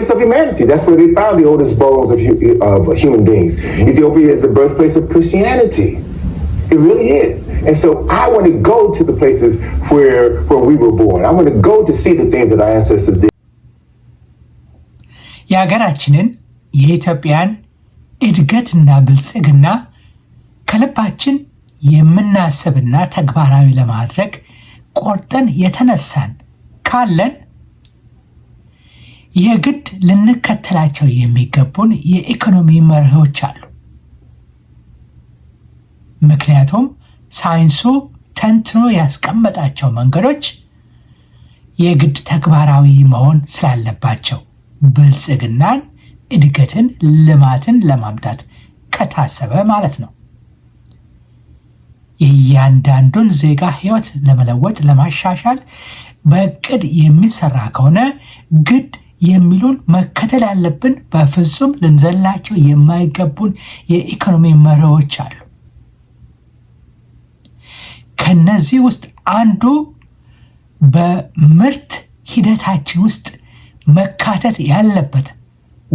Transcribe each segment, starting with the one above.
birthplace of humanity. That's where they found the oldest bones of, of human beings. Ethiopia is the birthplace of Christianity. It really is. And so I want to go to the places where where we were born. I want to go to see the things that our ancestors did. የሀገራችንን የኢትዮጵያን እድገትና ብልጽግና ከልባችን የምናስብና ተግባራዊ ለማድረግ ቆርጠን የተነሳን ካለን የግድ ልንከተላቸው የሚገቡን የኢኮኖሚ መርሆች አሉ። ምክንያቱም ሳይንሱ ተንትኖ ያስቀመጣቸው መንገዶች የግድ ተግባራዊ መሆን ስላለባቸው ብልጽግናን፣ እድገትን፣ ልማትን ለማምጣት ከታሰበ ማለት ነው። የእያንዳንዱን ዜጋ ሕይወት ለመለወጥ ለማሻሻል በእቅድ የሚሰራ ከሆነ ግድ የሚሉን መከተል ያለብን በፍጹም ልንዘላቸው የማይገቡን የኢኮኖሚ መሪዎች አሉ። ከነዚህ ውስጥ አንዱ በምርት ሂደታችን ውስጥ መካተት ያለበት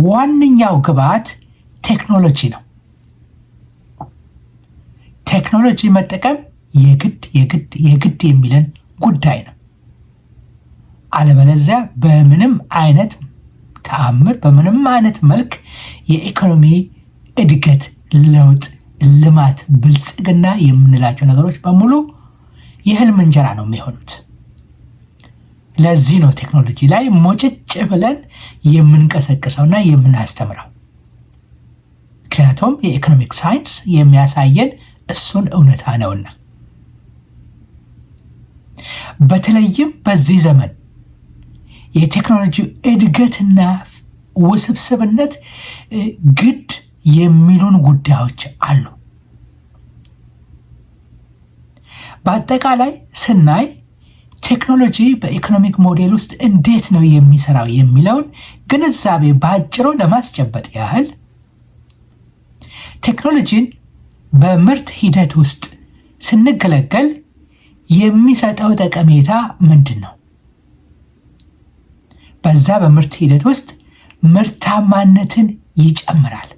ዋነኛው ግብዓት ቴክኖሎጂ ነው። ቴክኖሎጂ መጠቀም የግድ የግድ የግድ የሚለን ጉዳይ ነው። አለበለዚያ በምንም አይነት ተአምር በምንም አይነት መልክ የኢኮኖሚ እድገት፣ ለውጥ፣ ልማት፣ ብልጽግና የምንላቸው ነገሮች በሙሉ የህልም እንጀራ ነው የሚሆኑት። ለዚህ ነው ቴክኖሎጂ ላይ ሞጭጭ ብለን የምንቀሰቅሰውና የምናስተምረው። ምክንያቱም የኢኮኖሚክ ሳይንስ የሚያሳየን እሱን እውነታ ነውና በተለይም በዚህ ዘመን የቴክኖሎጂ እድገትና ውስብስብነት ግድ የሚሉን ጉዳዮች አሉ። በአጠቃላይ ስናይ ቴክኖሎጂ በኢኮኖሚክ ሞዴል ውስጥ እንዴት ነው የሚሰራው የሚለውን ግንዛቤ በአጭሩ ለማስጨበጥ ያህል ቴክኖሎጂን በምርት ሂደት ውስጥ ስንገለገል የሚሰጠው ጠቀሜታ ምንድን ነው? በዛ በምርት ሂደት ውስጥ ምርታማነትን ይጨምራል።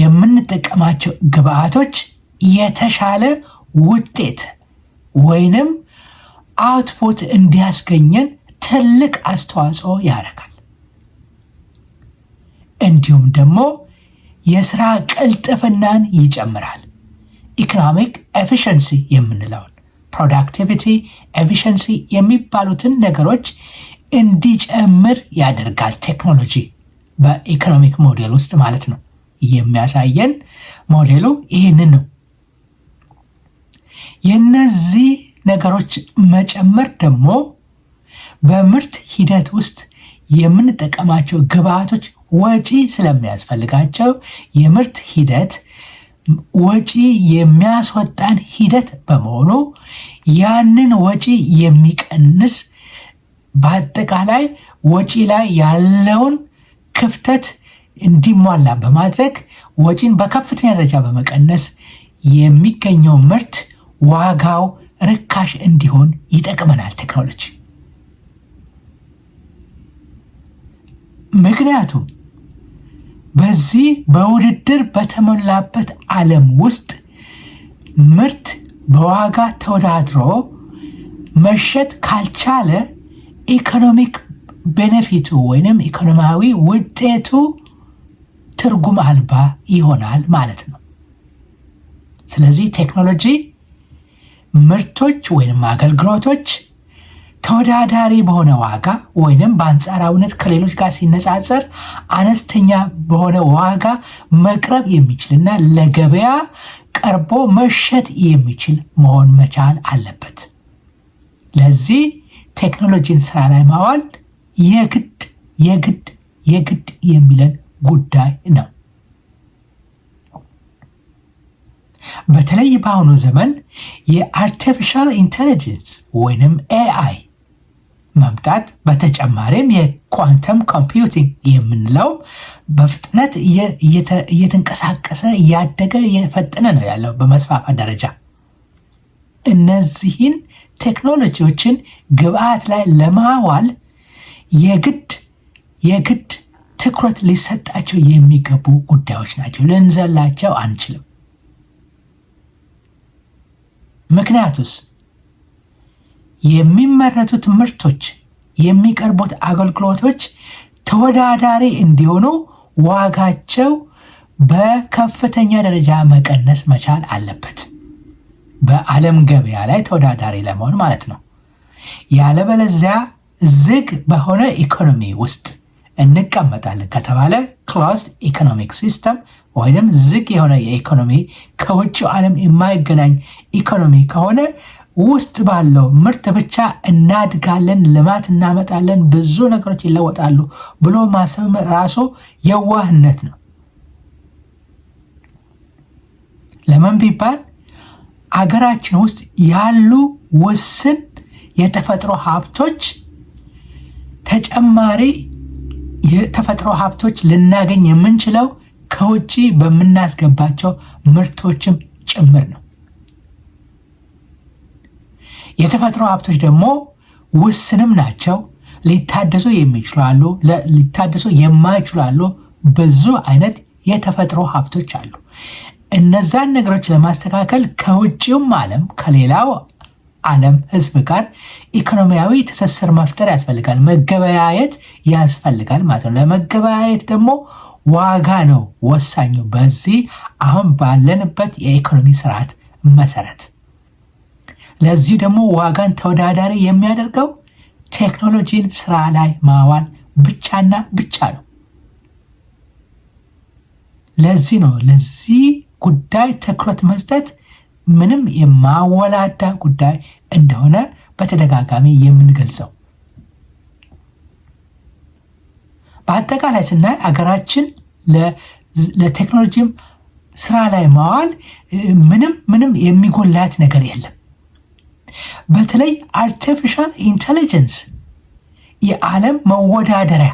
የምንጠቀማቸው ግብአቶች የተሻለ ውጤት ወይንም አውትፑት እንዲያስገኘን ትልቅ አስተዋጽኦ ያደርጋል። እንዲሁም ደግሞ የስራ ቅልጥፍናን ይጨምራል። ኢኮኖሚክ ኤፊሽንሲ የምንለው ። ፕሮዳክቲቪቲ፣ ኤፊሽንሲ የሚባሉትን ነገሮች እንዲጨምር ያደርጋል። ቴክኖሎጂ በኢኮኖሚክ ሞዴል ውስጥ ማለት ነው። የሚያሳየን ሞዴሉ ይህንን ነው። የነዚህ ነገሮች መጨመር ደግሞ በምርት ሂደት ውስጥ የምንጠቀማቸው ግብአቶች ወጪ ስለሚያስፈልጋቸው የምርት ሂደት ወጪ የሚያስወጣን ሂደት በመሆኑ ያንን ወጪ የሚቀንስ በአጠቃላይ ወጪ ላይ ያለውን ክፍተት እንዲሟላ በማድረግ ወጪን በከፍተኛ ደረጃ በመቀነስ የሚገኘው ምርት ዋጋው ርካሽ እንዲሆን ይጠቅመናል ቴክኖሎጂ። ምክንያቱም በዚህ በውድድር በተሞላበት ዓለም ውስጥ ምርት በዋጋ ተወዳድሮ መሸጥ ካልቻለ ኢኮኖሚክ ቤኔፊቱ ወይንም ኢኮኖሚያዊ ውጤቱ ትርጉም አልባ ይሆናል ማለት ነው። ስለዚህ ቴክኖሎጂ ምርቶች ወይንም አገልግሎቶች ተወዳዳሪ በሆነ ዋጋ ወይንም በአንጻራዊነት ከሌሎች ጋር ሲነጻጸር አነስተኛ በሆነ ዋጋ መቅረብ የሚችልና ለገበያ ቀርቦ መሸጥ የሚችል መሆን መቻል አለበት። ለዚህ ቴክኖሎጂን ስራ ላይ ማዋል የግድ የግድ የግድ የሚለን ጉዳይ ነው። በተለይ በአሁኑ ዘመን የአርቲፊሻል ኢንቴሊጀንስ ወይንም ኤአይ መምጣት በተጨማሪም የኳንተም ኮምፒውቲንግ የምንለው በፍጥነት እየተንቀሳቀሰ እያደገ እየፈጠነ ነው ያለው በመስፋፋት ደረጃ። እነዚህን ቴክኖሎጂዎችን ግብአት ላይ ለማዋል የግድ የግድ ትኩረት ሊሰጣቸው የሚገቡ ጉዳዮች ናቸው። ልንዘላቸው አንችልም። ምክንያቱስ የሚመረቱት ምርቶች፣ የሚቀርቡት አገልግሎቶች ተወዳዳሪ እንዲሆኑ ዋጋቸው በከፍተኛ ደረጃ መቀነስ መቻል አለበት። በዓለም ገበያ ላይ ተወዳዳሪ ለመሆን ማለት ነው። ያለበለዚያ ዝግ በሆነ ኢኮኖሚ ውስጥ እንቀመጣለን ከተባለ ክሎዝድ ኢኮኖሚክ ሲስተም ወይም ዝግ የሆነ የኢኮኖሚ ከውጭ ዓለም የማይገናኝ ኢኮኖሚ ከሆነ ውስጥ ባለው ምርት ብቻ እናድጋለን፣ ልማት እናመጣለን፣ ብዙ ነገሮች ይለወጣሉ ብሎ ማሰብ ራሱ የዋህነት ነው። ለምን ቢባል አገራችን ውስጥ ያሉ ውስን የተፈጥሮ ሀብቶች ተጨማሪ የተፈጥሮ ሀብቶች ልናገኝ የምንችለው ከውጭ በምናስገባቸው ምርቶችም ጭምር ነው። የተፈጥሮ ሀብቶች ደግሞ ውስንም ናቸው። ሊታደሱ የሚችሉ አሉ፣ ሊታደሱ የማይችሉ አሉ። ብዙ አይነት የተፈጥሮ ሀብቶች አሉ። እነዛን ነገሮች ለማስተካከል ከውጭውም ዓለም ከሌላው ዓለም ህዝብ ጋር ኢኮኖሚያዊ ትስስር መፍጠር ያስፈልጋል። መገበያየት ያስፈልጋል ማለት ነው። ለመገበያየት ደግሞ ዋጋ ነው ወሳኙ በዚህ አሁን ባለንበት የኢኮኖሚ ስርዓት መሰረት ለዚህ ደግሞ ዋጋን ተወዳዳሪ የሚያደርገው ቴክኖሎጂን ስራ ላይ ማዋል ብቻና ብቻ ነው። ለዚህ ነው ለዚህ ጉዳይ ትኩረት መስጠት ምንም የማወላዳ ጉዳይ እንደሆነ በተደጋጋሚ የምንገልጸው። በአጠቃላይ ስናይ አገራችን ለቴክኖሎጂም ስራ ላይ ማዋል ምንም ምንም የሚጎላት ነገር የለም። በተለይ አርቲፊሻል ኢንቴሊጀንስ የዓለም መወዳደሪያ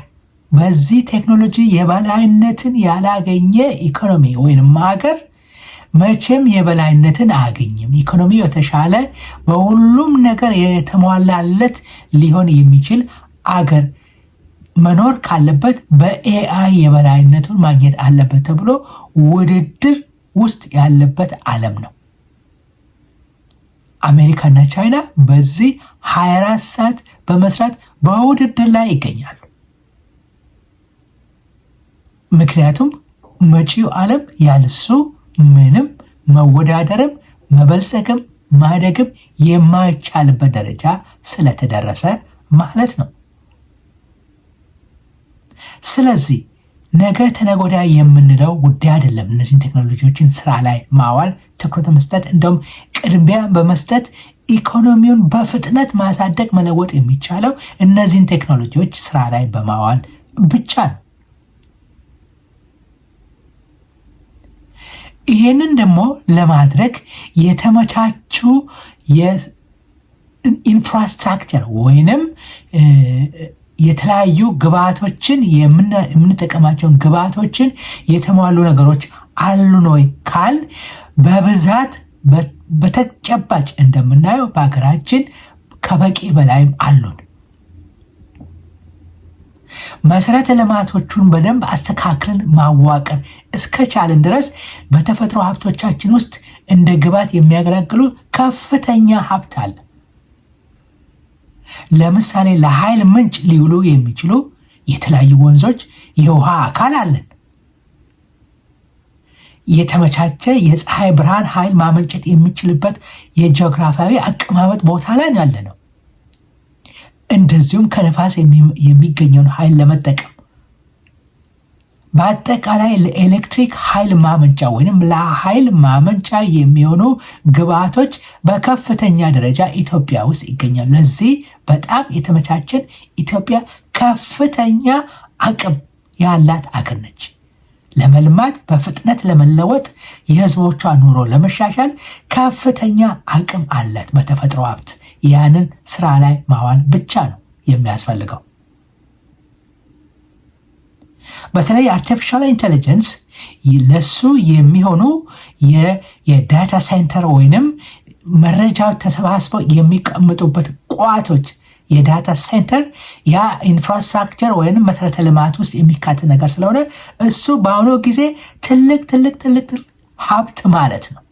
በዚህ ቴክኖሎጂ የበላይነትን ያላገኘ ኢኮኖሚ ወይንም ሀገር መቼም የበላይነትን አያገኝም። ኢኮኖሚ የተሻለ በሁሉም ነገር የተሟላለት ሊሆን የሚችል አገር መኖር ካለበት በኤአይ የበላይነቱን ማግኘት አለበት ተብሎ ውድድር ውስጥ ያለበት ዓለም ነው። አሜሪካና ቻይና በዚህ 24 ሰዓት በመስራት በውድድር ላይ ይገኛሉ። ምክንያቱም መጪው ዓለም ያልሱ ምንም መወዳደርም መበልጸግም ማደግም የማይቻልበት ደረጃ ስለተደረሰ ማለት ነው። ስለዚህ ነገ ተነጎዳ የምንለው ጉዳይ አይደለም። እነዚህን ቴክኖሎጂዎችን ስራ ላይ ማዋል ትኩረት መስጠት፣ እንደውም ቅድሚያ በመስጠት ኢኮኖሚውን በፍጥነት ማሳደግ መለወጥ የሚቻለው እነዚህን ቴክኖሎጂዎች ስራ ላይ በማዋል ብቻ ነው። ይህንን ደግሞ ለማድረግ የተመቻቹ የኢንፍራስትራክቸር ወይንም የተለያዩ ግብአቶችን የምንጠቀማቸውን ግብአቶችን የተሟሉ ነገሮች አሉን ወይ ካል በብዛት በተጨባጭ እንደምናየው በሀገራችን ከበቂ በላይም አሉን። መሰረተ ልማቶቹን በደንብ አስተካክልን ማዋቀር እስከቻልን ድረስ በተፈጥሮ ሀብቶቻችን ውስጥ እንደ ግብዓት የሚያገለግሉ ከፍተኛ ሀብት አለ። ለምሳሌ ለኃይል ምንጭ ሊውሉ የሚችሉ የተለያዩ ወንዞች፣ የውሃ አካል አለን። የተመቻቸ የፀሐይ ብርሃን ኃይል ማመንጨት የሚችልበት የጂኦግራፊያዊ አቀማመጥ ቦታ ላይ ያለ ነው። እንደዚሁም ከነፋስ የሚገኘውን ኃይል ለመጠቀም በአጠቃላይ ለኤሌክትሪክ ኃይል ማመንጫ ወይም ለኃይል ማመንጫ የሚሆኑ ግብአቶች በከፍተኛ ደረጃ ኢትዮጵያ ውስጥ ይገኛል። ለዚህ በጣም የተመቻቸን ኢትዮጵያ ከፍተኛ አቅም ያላት አገር ነች። ለመልማት በፍጥነት ለመለወጥ የህዝቦቿ ኑሮ ለመሻሻል ከፍተኛ አቅም አላት። በተፈጥሮ ሀብት ያንን ስራ ላይ ማዋል ብቻ ነው የሚያስፈልገው። በተለይ አርቲፊሻል ኢንቴሊጀንስ ለሱ የሚሆኑ የዳታ ሴንተር ወይንም መረጃ ተሰባስበው የሚቀምጡበት ቋቶች የዳታ ሴንተር ያ ኢንፍራስትራክቸር ወይም መሰረተ ልማት ውስጥ የሚካተት ነገር ስለሆነ እሱ በአሁኑ ጊዜ ትልቅ ትልቅ ትልቅ ሀብት ማለት ነው።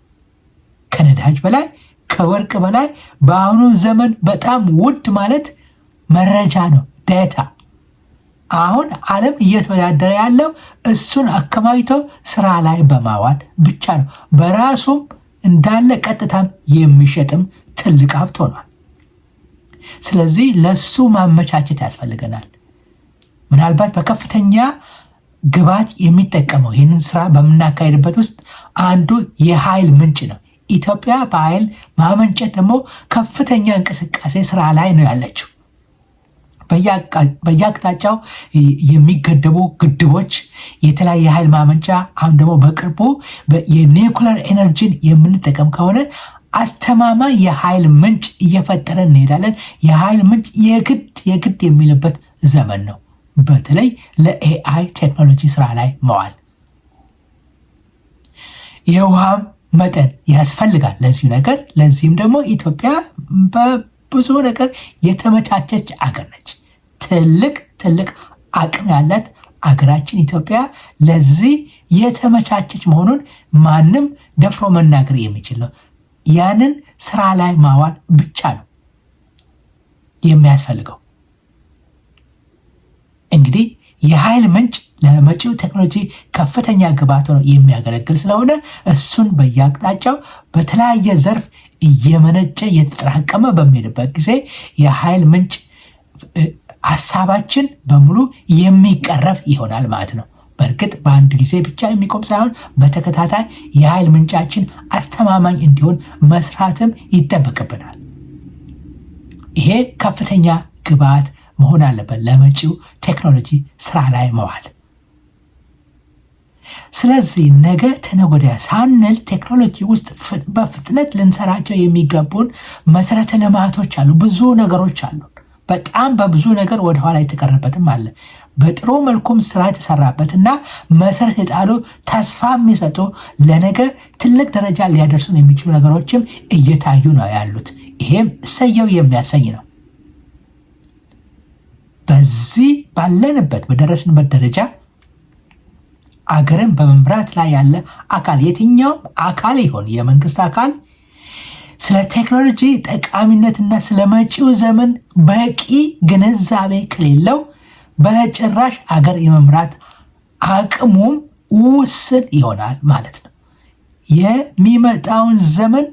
ከነዳጅ በላይ ከወርቅ በላይ በአሁኑ ዘመን በጣም ውድ ማለት መረጃ ነው ዳታ አሁን ዓለም እየተወዳደረ ያለው እሱን አከማችቶ ስራ ላይ በማዋል ብቻ ነው። በራሱም እንዳለ ቀጥታም የሚሸጥም ትልቅ ሀብት ሆኗል። ስለዚህ ለሱ ማመቻቸት ያስፈልገናል። ምናልባት በከፍተኛ ግብዓት የሚጠቀመው ይህንን ስራ በምናካሄድበት ውስጥ አንዱ የኃይል ምንጭ ነው። ኢትዮጵያ በኃይል ማመንጨት ደግሞ ከፍተኛ እንቅስቃሴ ስራ ላይ ነው ያለችው። በየአቅጣጫው የሚገደቡ ግድቦች፣ የተለያየ ኃይል ማመንጫ አሁን ደግሞ በቅርቡ የኒውክለር ኤነርጂን የምንጠቀም ከሆነ አስተማማኝ የኃይል ምንጭ እየፈጠረን እንሄዳለን። የኃይል ምንጭ የግድ የግድ የሚልበት ዘመን ነው። በተለይ ለኤአይ ቴክኖሎጂ ስራ ላይ መዋል የውሃም መጠን ያስፈልጋል ለዚሁ ነገር። ለዚህም ደግሞ ኢትዮጵያ ብዙ ነገር የተመቻቸች አገር ነች። ትልቅ ትልቅ አቅም ያላት አገራችን ኢትዮጵያ ለዚህ የተመቻቸች መሆኑን ማንም ደፍሮ መናገር የሚችል ነው። ያንን ስራ ላይ ማዋል ብቻ ነው የሚያስፈልገው። እንግዲህ የኃይል ምንጭ ለመጪው ቴክኖሎጂ ከፍተኛ ግብዓት ሆኖ የሚያገለግል ስለሆነ እሱን በየአቅጣጫው በተለያየ ዘርፍ እየመነጨ እየተጠራቀመ በሚሄድበት ጊዜ የኃይል ምንጭ ሀሳባችን በሙሉ የሚቀረፍ ይሆናል ማለት ነው። በእርግጥ በአንድ ጊዜ ብቻ የሚቆም ሳይሆን በተከታታይ የኃይል ምንጫችን አስተማማኝ እንዲሆን መስራትም ይጠበቅብናል። ይሄ ከፍተኛ ግብዓት መሆን አለበት ለመጪው ቴክኖሎጂ ስራ ላይ መዋል ስለዚህ ነገ ተነጎዳ ሳንል ቴክኖሎጂ ውስጥ በፍጥነት ልንሰራቸው የሚገቡን መሰረተ ልማቶች አሉ፣ ብዙ ነገሮች አሉ። በጣም በብዙ ነገር ወደኋላ የተቀረበትም አለ። በጥሩ መልኩም ስራ የተሰራበት እና መሰረት የጣሉ ተስፋ የሚሰጡ ለነገ ትልቅ ደረጃ ሊያደርሱን የሚችሉ ነገሮችም እየታዩ ነው ያሉት። ይሄም እሰየው የሚያሰኝ ነው። በዚህ ባለንበት በደረስንበት ደረጃ አገርን በመምራት ላይ ያለ አካል የትኛውም አካል ይሆን የመንግስት አካል ስለ ቴክኖሎጂ ጠቃሚነትና ስለ መጪው ዘመን በቂ ግንዛቤ ከሌለው በጭራሽ አገር የመምራት አቅሙም ውስን ይሆናል ማለት ነው። የሚመጣውን ዘመን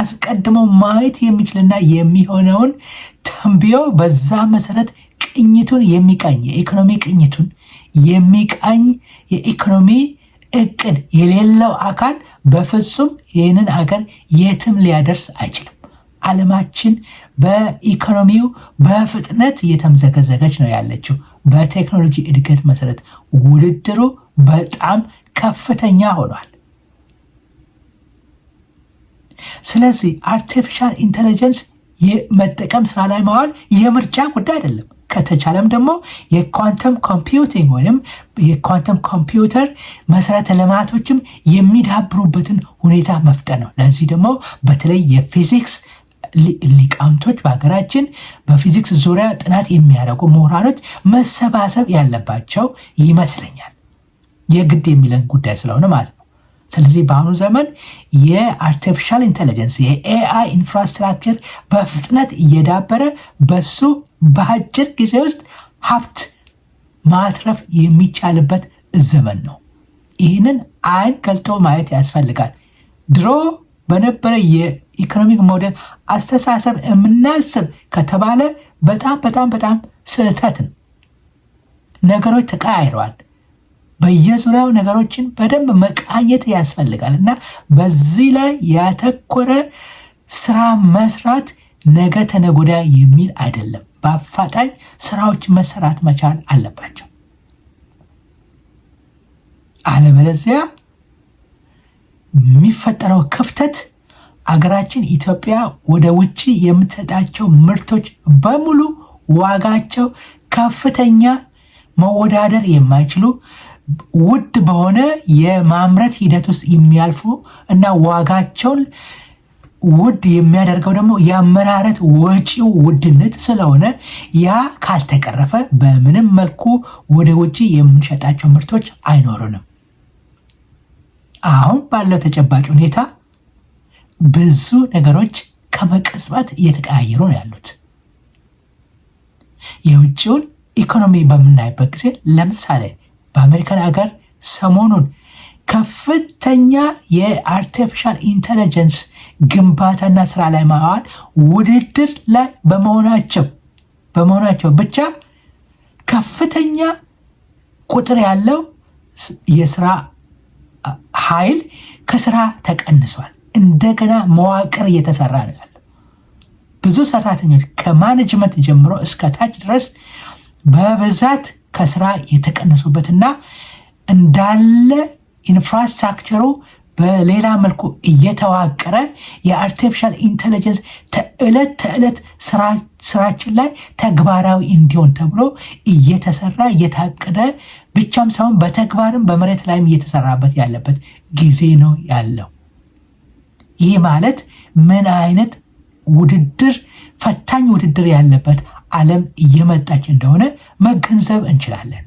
አስቀድሞ ማየት የሚችልና የሚሆነውን ተንብዮ በዛ መሰረት ቅኝቱን የሚቀኝ የኢኮኖሚ ቅኝቱን የሚቃኝ የኢኮኖሚ እቅድ የሌለው አካል በፍጹም ይህንን ሀገር የትም ሊያደርስ አይችልም። አለማችን በኢኮኖሚው በፍጥነት እየተምዘገዘገች ነው ያለችው። በቴክኖሎጂ እድገት መሰረት ውድድሩ በጣም ከፍተኛ ሆኗል። ስለዚህ አርቲፊሻል ኢንቴሊጀንስ መጠቀም ስራ ላይ ማዋል የምርጫ ጉዳይ አይደለም። ከተቻለም ደግሞ የኳንተም ኮምፒውቲንግ ወይም የኳንተም ኮምፒውተር መሰረተ ልማቶችም የሚዳብሩበትን ሁኔታ መፍጠር ነው። ለዚህ ደግሞ በተለይ የፊዚክስ ሊቃውንቶች በሀገራችን በፊዚክስ ዙሪያ ጥናት የሚያደርጉ ምሁራኖች መሰባሰብ ያለባቸው ይመስለኛል። የግድ የሚለን ጉዳይ ስለሆነ ማለት ነው። ስለዚህ በአሁኑ ዘመን የአርቲፊሻል ኢንቴሊጀንስ የኤአይ ኢንፍራስትራክቸር በፍጥነት እየዳበረ በሱ በአጭር ጊዜ ውስጥ ሀብት ማትረፍ የሚቻልበት ዘመን ነው። ይህንን አይን ገልጦ ማየት ያስፈልጋል። ድሮ በነበረ የኢኮኖሚክ ሞዴል አስተሳሰብ የምናስብ ከተባለ በጣም በጣም በጣም ስህተትን ነገሮች ተቀያይረዋል። በየዙሪያው ነገሮችን በደንብ መቃኘት ያስፈልጋል እና በዚህ ላይ ያተኮረ ስራ መስራት ነገ ተነጎዳ የሚል አይደለም። በአፋጣኝ ስራዎች መሰራት መቻል አለባቸው። አለበለዚያ የሚፈጠረው ክፍተት አገራችን ኢትዮጵያ ወደ ውጭ የምትሰጣቸው ምርቶች በሙሉ ዋጋቸው ከፍተኛ መወዳደር የማይችሉ ውድ በሆነ የማምረት ሂደት ውስጥ የሚያልፉ እና ዋጋቸውን ውድ የሚያደርገው ደግሞ የአመራረት ወጪው ውድነት ስለሆነ ያ ካልተቀረፈ በምንም መልኩ ወደ ውጭ የምንሸጣቸው ምርቶች አይኖሩንም። አሁን ባለው ተጨባጭ ሁኔታ ብዙ ነገሮች ከመቀጽበት እየተቀያየሩ ነው ያሉት። የውጭውን ኢኮኖሚ በምናይበት ጊዜ ለምሳሌ በአሜሪካን ሀገር ሰሞኑን ከፍተኛ የአርቲፊሻል ኢንቴሊጀንስ ግንባታና ስራ ላይ ማዋል ውድድር ላይ በመሆናቸው በመሆናቸው ብቻ ከፍተኛ ቁጥር ያለው የስራ ኃይል ከስራ ተቀንሷል። እንደገና መዋቅር እየተሰራ ነው ያለው። ብዙ ሰራተኞች ከማኔጅመንት ጀምሮ እስከ ታች ድረስ በብዛት ከስራ የተቀነሱበትና እንዳለ ኢንፍራስትራክቸሩ በሌላ መልኩ እየተዋቀረ የአርቲፊሻል ኢንቴሊጀንስ ተዕለት ተዕለት ስራችን ላይ ተግባራዊ እንዲሆን ተብሎ እየተሰራ እየታቀደ ብቻም ሳይሆን በተግባርም በመሬት ላይም እየተሰራበት ያለበት ጊዜ ነው ያለው። ይህ ማለት ምን አይነት ውድድር ፈታኝ ውድድር ያለበት ዓለም እየመጣች እንደሆነ መገንዘብ እንችላለን።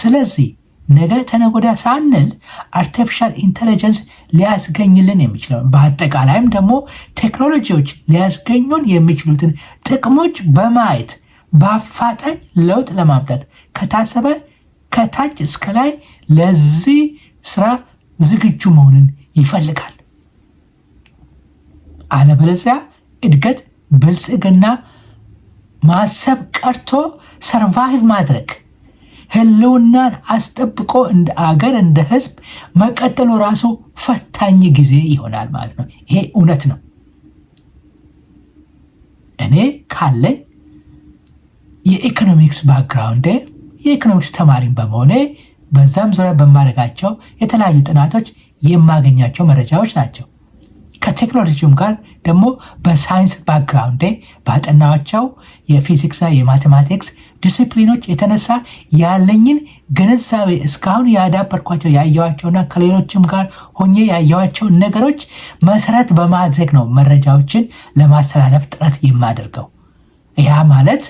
ስለዚህ ነገ ተነጎዳ ሳንል አርቲፊሻል ኢንቴሊጀንስ ሊያስገኝልን የሚችለው በአጠቃላይም ደግሞ ቴክኖሎጂዎች ሊያስገኙን የሚችሉትን ጥቅሞች በማየት በአፋጣኝ ለውጥ ለማምጣት ከታሰበ ከታች እስከ ላይ ለዚህ ስራ ዝግጁ መሆንን ይፈልጋል። አለበለዚያ እድገት፣ ብልጽግና ማሰብ ቀርቶ ሰርቫይቭ ማድረግ ህልውናን አስጠብቆ እንደ አገር እንደ ህዝብ መቀጠሉ ራሱ ፈታኝ ጊዜ ይሆናል ማለት ነው። ይሄ እውነት ነው። እኔ ካለኝ የኢኮኖሚክስ ባክግራውንዴ የኢኮኖሚክስ ተማሪም በመሆኔ በዛም ዙሪያ በማድረጋቸው የተለያዩ ጥናቶች የማገኛቸው መረጃዎች ናቸው። ከቴክኖሎጂውም ጋር ደግሞ በሳይንስ ባክግራውንዴ ባጠናቸው የፊዚክስና የማቴማቲክስ ዲስፕሊኖች የተነሳ ያለኝን ግንዛቤ እስካሁን ያዳበርኳቸው ያየዋቸውና ከሌሎችም ጋር ሆኜ ያየዋቸውን ነገሮች መሰረት በማድረግ ነው መረጃዎችን ለማስተላለፍ ጥረት የማደርገው። ያ ማለት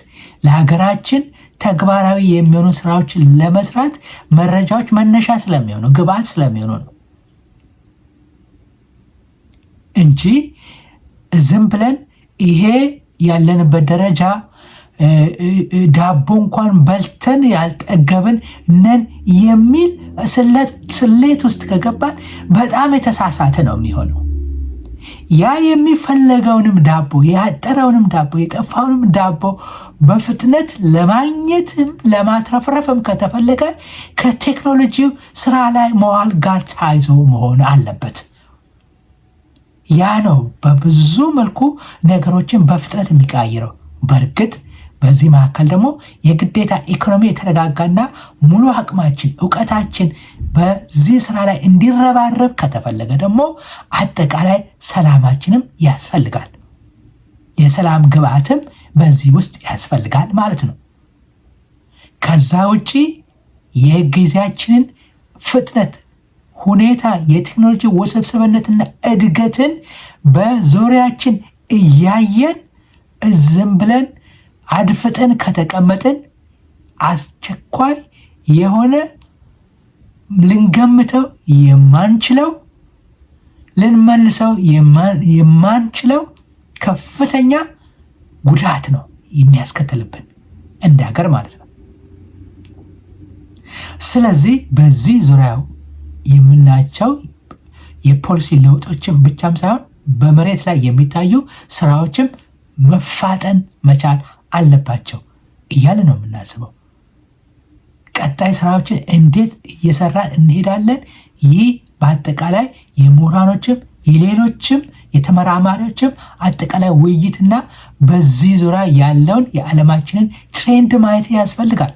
ለሀገራችን ተግባራዊ የሚሆኑ ስራዎችን ለመስራት መረጃዎች መነሻ ስለሚሆኑ ግብዓት ስለሚሆኑ ነው እንጂ ዝም ብለን ይሄ ያለንበት ደረጃ ዳቦ እንኳን በልተን ያልጠገብን ነን የሚል ስሌት ውስጥ ከገባን በጣም የተሳሳተ ነው የሚሆነው። ያ የሚፈለገውንም ዳቦ ያጠረውንም ዳቦ የጠፋውንም ዳቦ በፍጥነት ለማግኘትም ለማትረፍረፍም ከተፈለገ ከቴክኖሎጂው ስራ ላይ መዋል ጋር ተያይዞ መሆን አለበት። ያ ነው በብዙ መልኩ ነገሮችን በፍጥነት የሚቀያይረው። በእርግጥ በዚህ መካከል ደግሞ የግዴታ ኢኮኖሚ የተረጋጋና ሙሉ አቅማችን እውቀታችን በዚህ ስራ ላይ እንዲረባረብ ከተፈለገ ደግሞ አጠቃላይ ሰላማችንም ያስፈልጋል። የሰላም ግብዓትም በዚህ ውስጥ ያስፈልጋል ማለት ነው። ከዛ ውጪ የጊዜያችንን ፍጥነት ሁኔታ የቴክኖሎጂ ውስብስብነትና እድገትን በዙሪያችን እያየን እዝም ብለን አድፍጠን ከተቀመጥን አስቸኳይ የሆነ ልንገምተው የማንችለው ልንመልሰው የማንችለው ከፍተኛ ጉዳት ነው የሚያስከትልብን እንደ ሀገር ማለት ነው። ስለዚህ በዚህ ዙሪያው የምናያቸው የፖሊሲ ለውጦችም ብቻም ሳይሆን በመሬት ላይ የሚታዩ ስራዎችም መፋጠን መቻል አለባቸው እያለ ነው የምናስበው። ቀጣይ ስራዎችን እንዴት እየሰራን እንሄዳለን? ይህ በአጠቃላይ የምሁራኖችም የሌሎችም የተመራማሪዎችም አጠቃላይ ውይይትና በዚህ ዙሪያ ያለውን የዓለማችንን ትሬንድ ማየት ያስፈልጋል።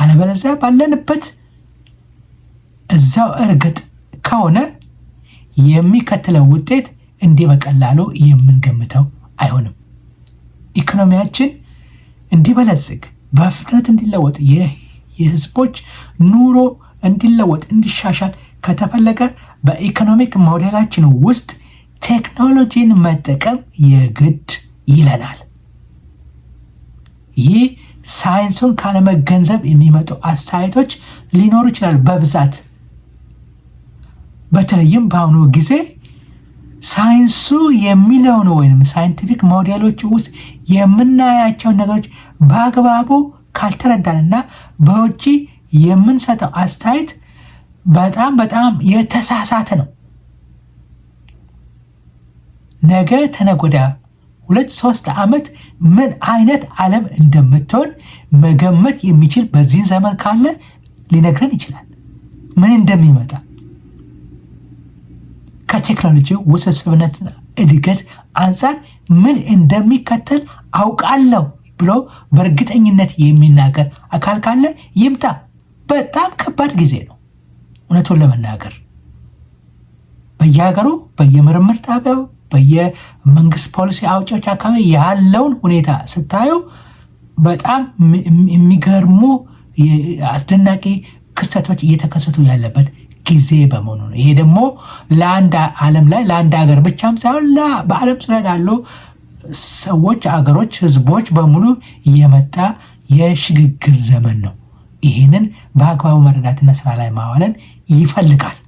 አለበለዚያ ባለንበት እዛው እርግጥ ከሆነ የሚከተለው ውጤት እንዲህ በቀላሉ የምንገምተው አይሆንም። ኢኮኖሚያችን እንዲበለጽግ በፍጥነት እንዲለወጥ የህዝቦች ኑሮ እንዲለወጥ እንዲሻሻል ከተፈለገ በኢኮኖሚክ ሞዴላችን ውስጥ ቴክኖሎጂን መጠቀም የግድ ይለናል። ይህ ሳይንሱን ካለመገንዘብ የሚመጡ አስተያየቶች ሊኖሩ ይችላል በብዛት በተለይም በአሁኑ ጊዜ ሳይንሱ የሚለው ወይም ሳይንቲፊክ ሞዴሎች ውስጥ የምናያቸውን ነገሮች በአግባቡ ካልተረዳንና በውጭ የምንሰጠው አስተያየት በጣም በጣም የተሳሳተ ነው። ነገ ተነጎዳ ሁለት ሶስት ዓመት ምን አይነት ዓለም እንደምትሆን መገመት የሚችል በዚህን ዘመን ካለ ሊነግረን ይችላል ምን እንደሚመጣ ከቴክኖሎጂ ውስብስብነት እድገት አንጻር ምን እንደሚከተል አውቃለሁ ብሎ በእርግጠኝነት የሚናገር አካል ካለ ይምጣ። በጣም ከባድ ጊዜ ነው። እውነቱን ለመናገር በየሀገሩ በየምርምር ጣቢያው በየመንግስት ፖሊሲ አውጪዎች አካባቢ ያለውን ሁኔታ ስታዩ በጣም የሚገርሙ አስደናቂ ክስተቶች እየተከሰቱ ያለበት ጊዜ በመሆኑ ነው። ይሄ ደግሞ ለአንድ ዓለም ላይ ለአንድ ሀገር ብቻም ሳይሆን በዓለም ዙሪያ ላሉ ሰዎች፣ አገሮች፣ ህዝቦች በሙሉ የመጣ የሽግግር ዘመን ነው። ይህንን በአግባቡ መረዳትና ስራ ላይ ማዋለን ይፈልጋል።